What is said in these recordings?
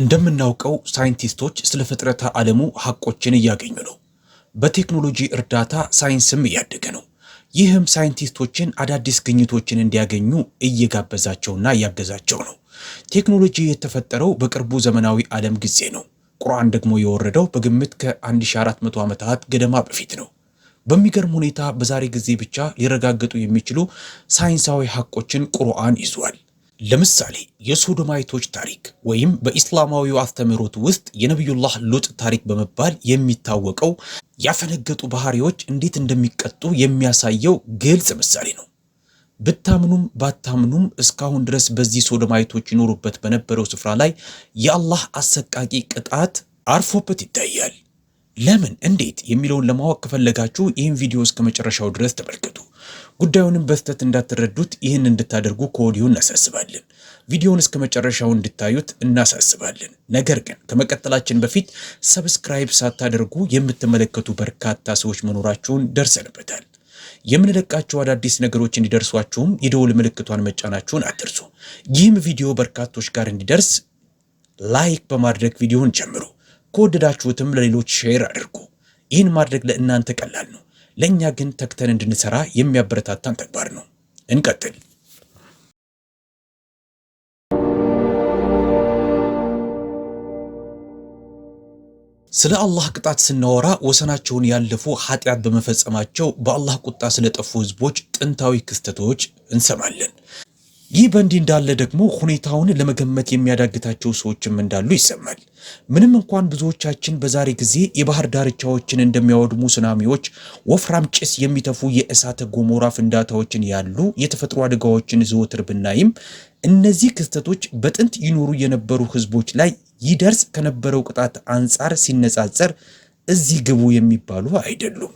እንደምናውቀው ሳይንቲስቶች ስለ ፍጥረተ ዓለሙ ሐቆችን እያገኙ ነው። በቴክኖሎጂ እርዳታ ሳይንስም እያደገ ነው። ይህም ሳይንቲስቶችን አዳዲስ ግኝቶችን እንዲያገኙ እየጋበዛቸውና እያገዛቸው ነው። ቴክኖሎጂ የተፈጠረው በቅርቡ ዘመናዊ ዓለም ጊዜ ነው። ቁርአን ደግሞ የወረደው በግምት ከ1400 ዓመታት ገደማ በፊት ነው። በሚገርም ሁኔታ በዛሬ ጊዜ ብቻ ሊረጋገጡ የሚችሉ ሳይንሳዊ ሐቆችን ቁርአን ይዟል። ለምሳሌ የሶዶማይቶች ታሪክ ወይም በኢስላማዊው አስተምህሮት ውስጥ የነቢዩላህ ሉጥ ታሪክ በመባል የሚታወቀው ያፈነገጡ ባህሪዎች እንዴት እንደሚቀጡ የሚያሳየው ግልጽ ምሳሌ ነው። ብታምኑም ባታምኑም እስካሁን ድረስ በዚህ ሶዶማይቶች ይኖሩበት በነበረው ስፍራ ላይ የአላህ አሰቃቂ ቅጣት አርፎበት ይታያል። ለምን፣ እንዴት የሚለውን ለማወቅ ከፈለጋችሁ ይህን ቪዲዮ እስከ መጨረሻው ድረስ ተመልከቱ። ጉዳዩንም በስተት እንዳትረዱት ይህን እንድታደርጉ ከወዲሁ እናሳስባለን። ቪዲዮውን እስከ መጨረሻው እንድታዩት እናሳስባለን። ነገር ግን ከመቀጠላችን በፊት ሰብስክራይብ ሳታደርጉ የምትመለከቱ በርካታ ሰዎች መኖራችሁን ደርሰንበታል። የምንለቃቸው አዳዲስ ነገሮች እንዲደርሷችሁም የደወል ምልክቷን መጫናችሁን አትርሱ። ይህም ቪዲዮ በርካቶች ጋር እንዲደርስ ላይክ በማድረግ ቪዲዮውን ጀምሩ። ከወደዳችሁትም ለሌሎች ሼር አድርጉ። ይህን ማድረግ ለእናንተ ቀላል ነው። ለእኛ ግን ተግተን እንድንሰራ የሚያበረታታን ተግባር ነው። እንቀጥል። ስለ አላህ ቅጣት ስናወራ ወሰናቸውን ያለፉ ኃጢአት በመፈጸማቸው በአላህ ቁጣ ስለጠፉ ህዝቦች ጥንታዊ ክስተቶች እንሰማለን። ይህ በእንዲህ እንዳለ ደግሞ ሁኔታውን ለመገመት የሚያዳግታቸው ሰዎችም እንዳሉ ይሰማል። ምንም እንኳን ብዙዎቻችን በዛሬ ጊዜ የባህር ዳርቻዎችን እንደሚያወድሙ ስናሚዎች፣ ወፍራም ጭስ የሚተፉ የእሳተ ጎሞራ ፍንዳታዎችን ያሉ የተፈጥሮ አደጋዎችን ዘወትር ብናይም እነዚህ ክስተቶች በጥንት ይኖሩ የነበሩ ህዝቦች ላይ ይደርስ ከነበረው ቅጣት አንጻር ሲነጻጸር እዚህ ግቡ የሚባሉ አይደሉም።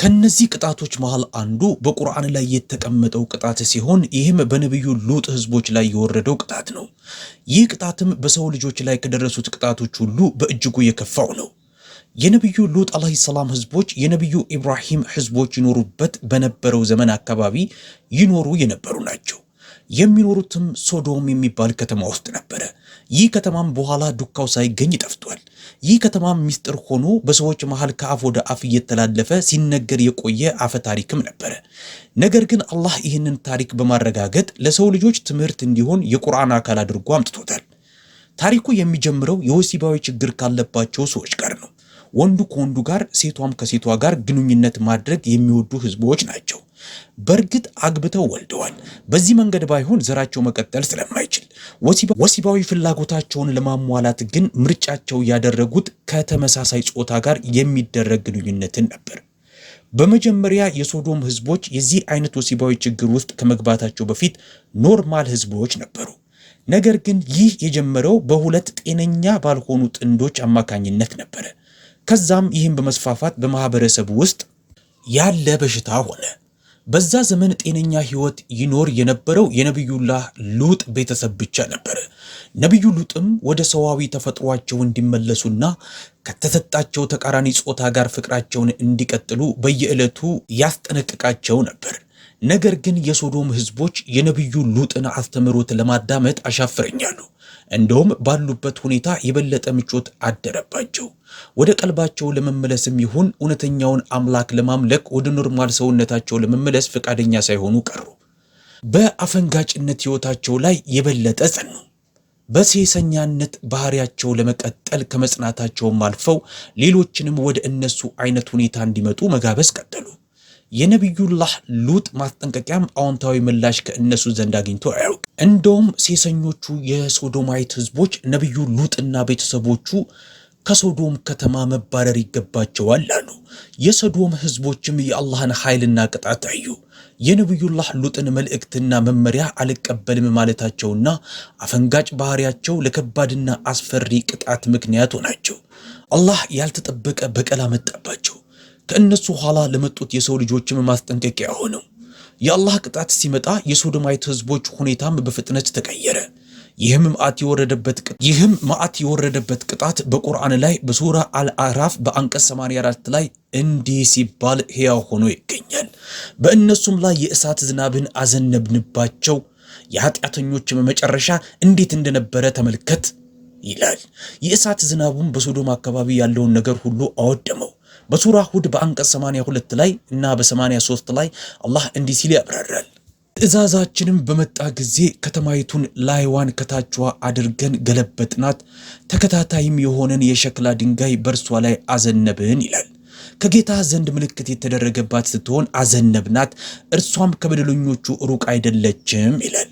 ከነዚህ ቅጣቶች መሃል አንዱ በቁርአን ላይ የተቀመጠው ቅጣት ሲሆን ይህም በነቢዩ ሉጥ ህዝቦች ላይ የወረደው ቅጣት ነው። ይህ ቅጣትም በሰው ልጆች ላይ ከደረሱት ቅጣቶች ሁሉ በእጅጉ የከፋው ነው። የነቢዩ ሉጥ ዓለይሂ ሰላም ህዝቦች የነቢዩ ኢብራሂም ህዝቦች ይኖሩበት በነበረው ዘመን አካባቢ ይኖሩ የነበሩ ናቸው። የሚኖሩትም ሶዶም የሚባል ከተማ ውስጥ ነበረ። ይህ ከተማም በኋላ ዱካው ሳይገኝ ጠፍቷል። ይህ ከተማም ሚስጥር ሆኖ በሰዎች መሃል ከአፍ ወደ አፍ እየተላለፈ ሲነገር የቆየ አፈ ታሪክም ነበረ። ነገር ግን አላህ ይህንን ታሪክ በማረጋገጥ ለሰው ልጆች ትምህርት እንዲሆን የቁርአን አካል አድርጎ አምጥቶታል። ታሪኩ የሚጀምረው የወሲባዊ ችግር ካለባቸው ሰዎች ጋር ወንዱ ከወንዱ ጋር፣ ሴቷም ከሴቷ ጋር ግንኙነት ማድረግ የሚወዱ ህዝቦች ናቸው። በእርግጥ አግብተው ወልደዋል። በዚህ መንገድ ባይሆን ዘራቸው መቀጠል ስለማይችል ወሲባዊ ፍላጎታቸውን ለማሟላት ግን ምርጫቸው ያደረጉት ከተመሳሳይ ጾታ ጋር የሚደረግ ግንኙነትን ነበር። በመጀመሪያ የሶዶም ህዝቦች የዚህ አይነት ወሲባዊ ችግር ውስጥ ከመግባታቸው በፊት ኖርማል ህዝቦች ነበሩ። ነገር ግን ይህ የጀመረው በሁለት ጤነኛ ባልሆኑ ጥንዶች አማካኝነት ነበረ። ከዛም ይህም በመስፋፋት በማህበረሰብ ውስጥ ያለ በሽታ ሆነ። በዛ ዘመን ጤነኛ ህይወት ይኖር የነበረው የነቢዩላህ ሉጥ ቤተሰብ ብቻ ነበር። ነቢዩ ሉጥም ወደ ሰዋዊ ተፈጥሯቸው እንዲመለሱና ከተሰጣቸው ተቃራኒ ጾታ ጋር ፍቅራቸውን እንዲቀጥሉ በየዕለቱ ያስጠነቅቃቸው ነበር። ነገር ግን የሶዶም ህዝቦች የነቢዩ ሉጥን አስተምህሮት ለማዳመጥ አሻፍረኛሉ። እንደውም ባሉበት ሁኔታ የበለጠ ምቾት አደረባቸው። ወደ ቀልባቸው ለመመለስም ይሁን እውነተኛውን አምላክ ለማምለክ ወደ ኖርማል ሰውነታቸው ለመመለስ ፈቃደኛ ሳይሆኑ ቀሩ። በአፈንጋጭነት ሕይወታቸው ላይ የበለጠ ጸኑ። በሴሰኛነት ባህሪያቸው ለመቀጠል ከመጽናታቸውም አልፈው ሌሎችንም ወደ እነሱ አይነት ሁኔታ እንዲመጡ መጋበዝ ቀጠሉ። የነቢዩላህ ሉጥ ማስጠንቀቂያም አዎንታዊ ምላሽ ከእነሱ ዘንድ አግኝቶ አያውቅ። እንደውም ሴሰኞቹ የሶዶማይት ህዝቦች ነቢዩ ሉጥና ቤተሰቦቹ ከሶዶም ከተማ መባረር ይገባቸዋል አሉ። የሶዶም ህዝቦችም የአላህን ኃይልና ቅጣት አዩ። የነቢዩላህ ሉጥን መልእክትና መመሪያ አልቀበልም ማለታቸውና አፈንጋጭ ባህሪያቸው ለከባድና አስፈሪ ቅጣት ምክንያት ሆናቸው። አላህ ያልተጠበቀ በቀል አመጣባቸው። ከእነሱ ኋላ ለመጡት የሰው ልጆችም ማስጠንቀቂያ ሆነው። የአላህ ቅጣት ሲመጣ የሶዶማይት ህዝቦች ሁኔታም በፍጥነት ተቀየረ። ይህም መዓት የወረደበት ቅጣት በቁርአን ላይ በሱራ አልአራፍ በአንቀጽ 84 ላይ እንዲህ ሲባል ሕያው ሆኖ ይገኛል። በእነሱም ላይ የእሳት ዝናብን አዘነብንባቸው፣ የኃጢአተኞችም መጨረሻ እንዴት እንደነበረ ተመልከት ይላል። የእሳት ዝናቡም በሶዶም አካባቢ ያለውን ነገር ሁሉ አወደመው። በሱራ ሁድ በአንቀጽ 82 ላይ እና በ83 ላይ አላህ እንዲህ ሲል ያብራራል። ትእዛዛችንም በመጣ ጊዜ ከተማይቱን ላይዋን ከታችዋ አድርገን ገለበጥናት፣ ተከታታይም የሆነን የሸክላ ድንጋይ በእርሷ ላይ አዘነብን ይላል። ከጌታ ዘንድ ምልክት የተደረገባት ስትሆን አዘነብናት፣ እርሷም ከበደለኞቹ ሩቅ አይደለችም ይላል።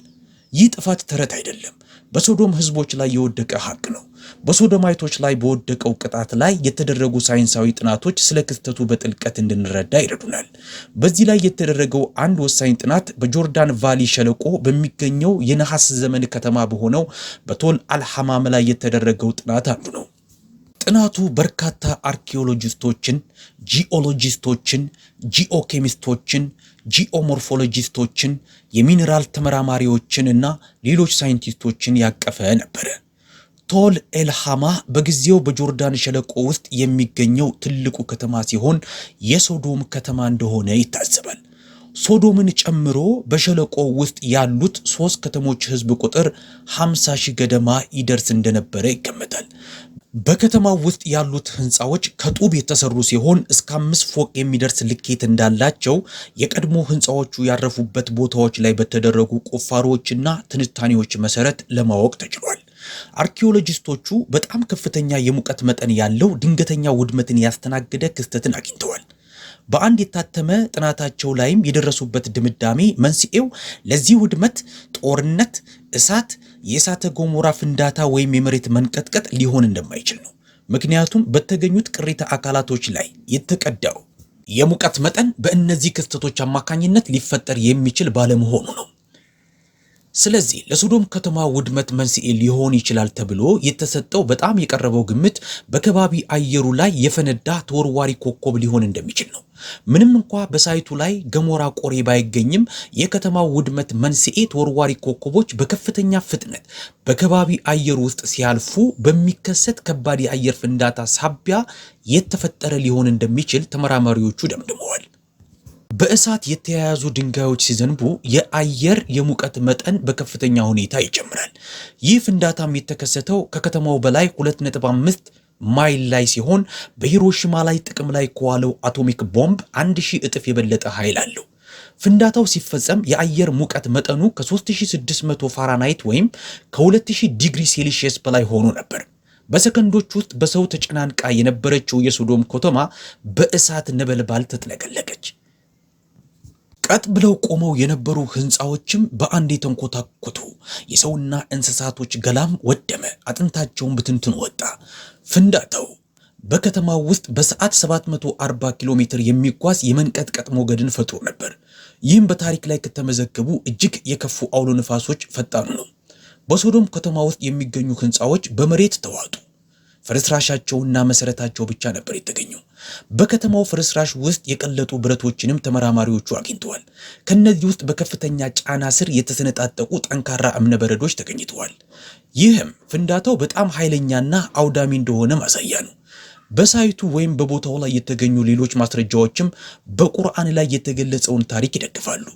ይህ ጥፋት ተረት አይደለም። በሶዶም ህዝቦች ላይ የወደቀ ሀቅ ነው። በሶዶማይቶች ላይ በወደቀው ቅጣት ላይ የተደረጉ ሳይንሳዊ ጥናቶች ስለ ክስተቱ በጥልቀት እንድንረዳ ይረዱናል። በዚህ ላይ የተደረገው አንድ ወሳኝ ጥናት በጆርዳን ቫሊ ሸለቆ በሚገኘው የነሐስ ዘመን ከተማ በሆነው በቶል አልሐማም ላይ የተደረገው ጥናት አንዱ ነው። ጥናቱ በርካታ አርኪኦሎጂስቶችን፣ ጂኦሎጂስቶችን፣ ጂኦኬሚስቶችን፣ ጂኦሞርፎሎጂስቶችን፣ የሚኔራል ተመራማሪዎችን እና ሌሎች ሳይንቲስቶችን ያቀፈ ነበር። ቶል ኤልሃማ በጊዜው በጆርዳን ሸለቆ ውስጥ የሚገኘው ትልቁ ከተማ ሲሆን የሶዶም ከተማ እንደሆነ ይታሰባል። ሶዶምን ጨምሮ በሸለቆ ውስጥ ያሉት ሶስት ከተሞች ህዝብ ቁጥር 50 ሺህ ገደማ ይደርስ እንደነበረ ይገመታል። በከተማው ውስጥ ያሉት ህንፃዎች ከጡብ የተሰሩ ሲሆን እስከ አምስት ፎቅ የሚደርስ ልኬት እንዳላቸው የቀድሞ ህንፃዎቹ ያረፉበት ቦታዎች ላይ በተደረጉ ቁፋሮዎችና ትንታኔዎች መሰረት ለማወቅ ተችሏል። አርኪኦሎጂስቶቹ በጣም ከፍተኛ የሙቀት መጠን ያለው ድንገተኛ ውድመትን ያስተናገደ ክስተትን አግኝተዋል። በአንድ የታተመ ጥናታቸው ላይም የደረሱበት ድምዳሜ መንስኤው ለዚህ ውድመት ጦርነት፣ እሳት የእሳተ ገሞራ ፍንዳታ ወይም የመሬት መንቀጥቀጥ ሊሆን እንደማይችል ነው። ምክንያቱም በተገኙት ቅሪተ አካላቶች ላይ የተቀዳው የሙቀት መጠን በእነዚህ ክስተቶች አማካኝነት ሊፈጠር የሚችል ባለመሆኑ ነው። ስለዚህ ለሶዶም ከተማ ውድመት መንስኤ ሊሆን ይችላል ተብሎ የተሰጠው በጣም የቀረበው ግምት በከባቢ አየሩ ላይ የፈነዳ ተወርዋሪ ኮከብ ሊሆን እንደሚችል ነው። ምንም እንኳ በሳይቱ ላይ ገሞራ ቆሬ ባይገኝም የከተማው ውድመት መንስኤ ተወርዋሪ ኮከቦች በከፍተኛ ፍጥነት በከባቢ አየር ውስጥ ሲያልፉ በሚከሰት ከባድ የአየር ፍንዳታ ሳቢያ የተፈጠረ ሊሆን እንደሚችል ተመራማሪዎቹ ደምድመዋል። በእሳት የተያያዙ ድንጋዮች ሲዘንቡ የአየር የሙቀት መጠን በከፍተኛ ሁኔታ ይጨምራል። ይህ ፍንዳታም የተከሰተው ከከተማው በላይ 2.5 ማይል ላይ ሲሆን በሂሮሽማ ላይ ጥቅም ላይ ከዋለው አቶሚክ ቦምብ 1000 እጥፍ የበለጠ ኃይል አለው። ፍንዳታው ሲፈጸም የአየር ሙቀት መጠኑ ከ3600 ፋራናይት ወይም ከ2000 ዲግሪ ሴልሺየስ በላይ ሆኖ ነበር። በሰከንዶች ውስጥ በሰው ተጨናንቃ የነበረችው የሶዶም ከተማ በእሳት ነበልባል ተጥለቀለቀች። ቀጥ ብለው ቆመው የነበሩ ህንፃዎችም በአንዴ ተንኮታኮቱ። የሰውና እንስሳቶች ገላም ወደመ፣ አጥንታቸውን ብትንትን ወጣ። ፍንዳታው በከተማው ውስጥ በሰዓት 740 ኪሎ ሜትር የሚጓዝ የመንቀጥቀጥ ሞገድን ፈጥሮ ነበር። ይህም በታሪክ ላይ ከተመዘገቡ እጅግ የከፉ አውሎ ነፋሶች ፈጣኑ ነው። በሶዶም ከተማ ውስጥ የሚገኙ ህንፃዎች በመሬት ተዋጡ። ፍርስራሻቸውና መሰረታቸው ብቻ ነበር የተገኘው። በከተማው ፍርስራሽ ውስጥ የቀለጡ ብረቶችንም ተመራማሪዎቹ አግኝተዋል። ከነዚህ ውስጥ በከፍተኛ ጫና ስር የተሰነጣጠቁ ጠንካራ እብነበረዶች ተገኝተዋል። ይህም ፍንዳታው በጣም ኃይለኛና አውዳሚ እንደሆነ ማሳያ ነው። በሳይቱ ወይም በቦታው ላይ የተገኙ ሌሎች ማስረጃዎችም በቁርአን ላይ የተገለጸውን ታሪክ ይደግፋሉ።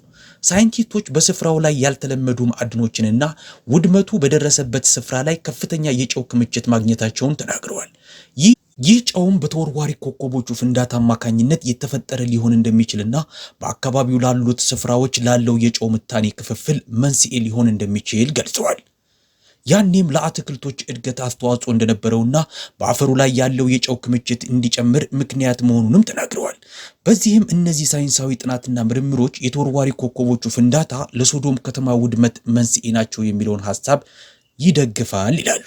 ሳይንቲስቶች በስፍራው ላይ ያልተለመዱ ማዕድኖችንና ውድመቱ በደረሰበት ስፍራ ላይ ከፍተኛ የጨው ክምችት ማግኘታቸውን ተናግረዋል። ይህ ጨውም በተወርዋሪ ኮከቦቹ ፍንዳታ አማካኝነት የተፈጠረ ሊሆን እንደሚችልና በአካባቢው ላሉት ስፍራዎች ላለው የጨው ምታኔ ክፍፍል መንስኤ ሊሆን እንደሚችል ገልጸዋል። ያኔም ለአትክልቶች እድገት አስተዋጽኦ እንደነበረውና በአፈሩ ላይ ያለው የጨው ክምችት እንዲጨምር ምክንያት መሆኑንም ተናግረዋል። በዚህም እነዚህ ሳይንሳዊ ጥናትና ምርምሮች የተወርዋሪ ኮከቦቹ ፍንዳታ ለሶዶም ከተማ ውድመት መንስኤ ናቸው የሚለውን ሀሳብ ይደግፋል ይላሉ።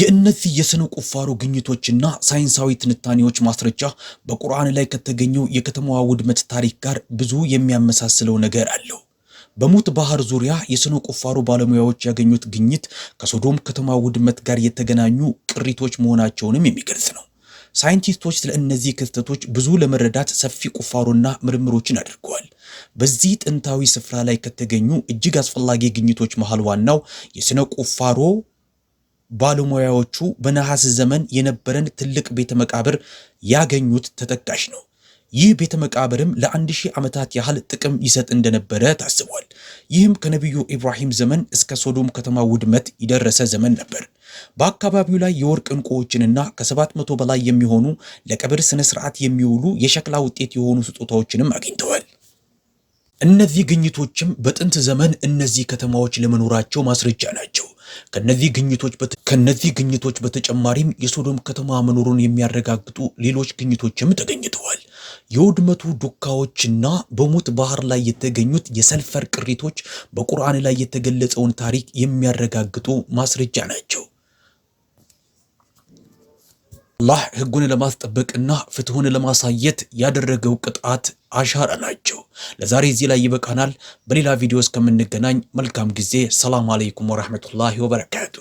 የእነዚህ የስነ ቁፋሮ ግኝቶችና ሳይንሳዊ ትንታኔዎች ማስረጃ በቁርአን ላይ ከተገኘው የከተማዋ ውድመት ታሪክ ጋር ብዙ የሚያመሳስለው ነገር አለው። በሙት ባህር ዙሪያ የስነ ቁፋሮ ባለሙያዎች ያገኙት ግኝት ከሶዶም ከተማ ውድመት ጋር የተገናኙ ቅሪቶች መሆናቸውንም የሚገልጽ ነው። ሳይንቲስቶች ስለ እነዚህ ክስተቶች ብዙ ለመረዳት ሰፊ ቁፋሮና ምርምሮችን አድርገዋል። በዚህ ጥንታዊ ስፍራ ላይ ከተገኙ እጅግ አስፈላጊ ግኝቶች መሃል ዋናው የስነ ቁፋሮ ባለሙያዎቹ በነሐስ ዘመን የነበረን ትልቅ ቤተ መቃብር ያገኙት ተጠቃሽ ነው። ይህ ቤተ መቃብርም ለአንድ ሺህ ዓመታት ያህል ጥቅም ይሰጥ እንደነበረ ታስቧል። ይህም ከነቢዩ ኢብራሂም ዘመን እስከ ሶዶም ከተማ ውድመት የደረሰ ዘመን ነበር። በአካባቢው ላይ የወርቅ ዕንቁዎችንና ከሰባት መቶ በላይ የሚሆኑ ለቀብር ስነ ስርዓት የሚውሉ የሸክላ ውጤት የሆኑ ስጦታዎችንም አግኝተዋል። እነዚህ ግኝቶችም በጥንት ዘመን እነዚህ ከተማዎች ለመኖራቸው ማስረጃ ናቸው። ከነዚህ ግኝቶች በተጨማሪም የሶዶም ከተማ መኖሩን የሚያረጋግጡ ሌሎች ግኝቶችም ተገኝተዋል። የውድመቱ ዱካዎችና በሙት ባህር ላይ የተገኙት የሰልፈር ቅሪቶች በቁርአን ላይ የተገለጸውን ታሪክ የሚያረጋግጡ ማስረጃ ናቸው። አላህ ህጉን ለማስጠበቅና ፍትሁን ለማሳየት ያደረገው ቅጣት አሻራ ናቸው። ለዛሬ እዚህ ላይ ይበቃናል። በሌላ ቪዲዮ እስከምንገናኝ መልካም ጊዜ። ሰላም አለይኩም ወራህመቱላሂ ወበረካቱ።